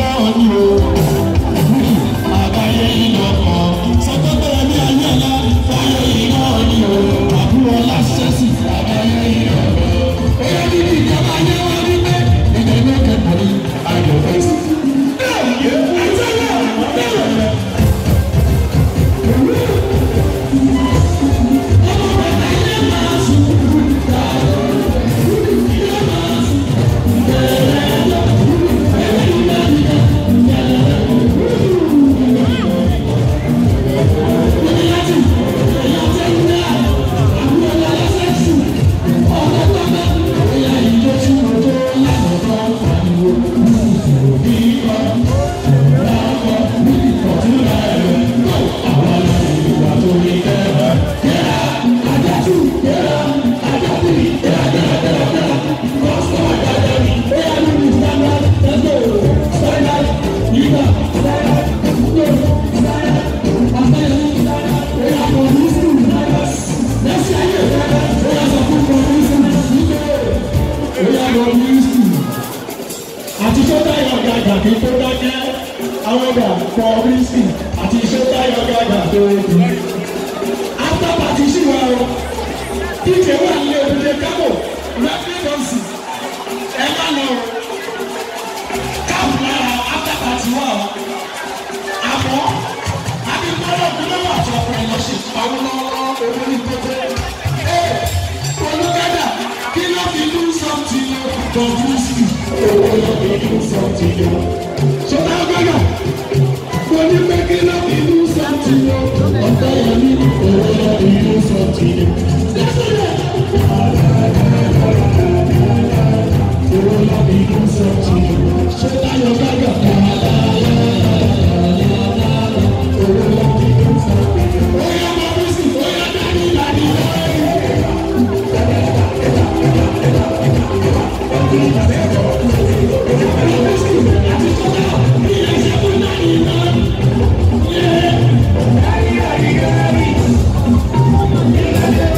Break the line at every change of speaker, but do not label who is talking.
on you. ìfowópamọ́ jẹ́ àwọn ọgbà pọ̀ bírísì àti ìṣẹ́ta ìyọ̀gá àgbà tó o dùn. after party ṣì wá o dj wà nílé òdìdẹ kábò rẹ́pẹ́ dọ́sì ẹ má lọ o káàpù lára after party wà o àmọ́ abíkọ́lọ́ gbọ́dọ̀ wà tó ọkọ̀ ìlọ́sìn pàwọ́ lọ́wọ́ owó ní pẹ́pẹ́ ẹ̀ olùkádà kí ló fi do something lọ́dún sí i. 小鸡鸡。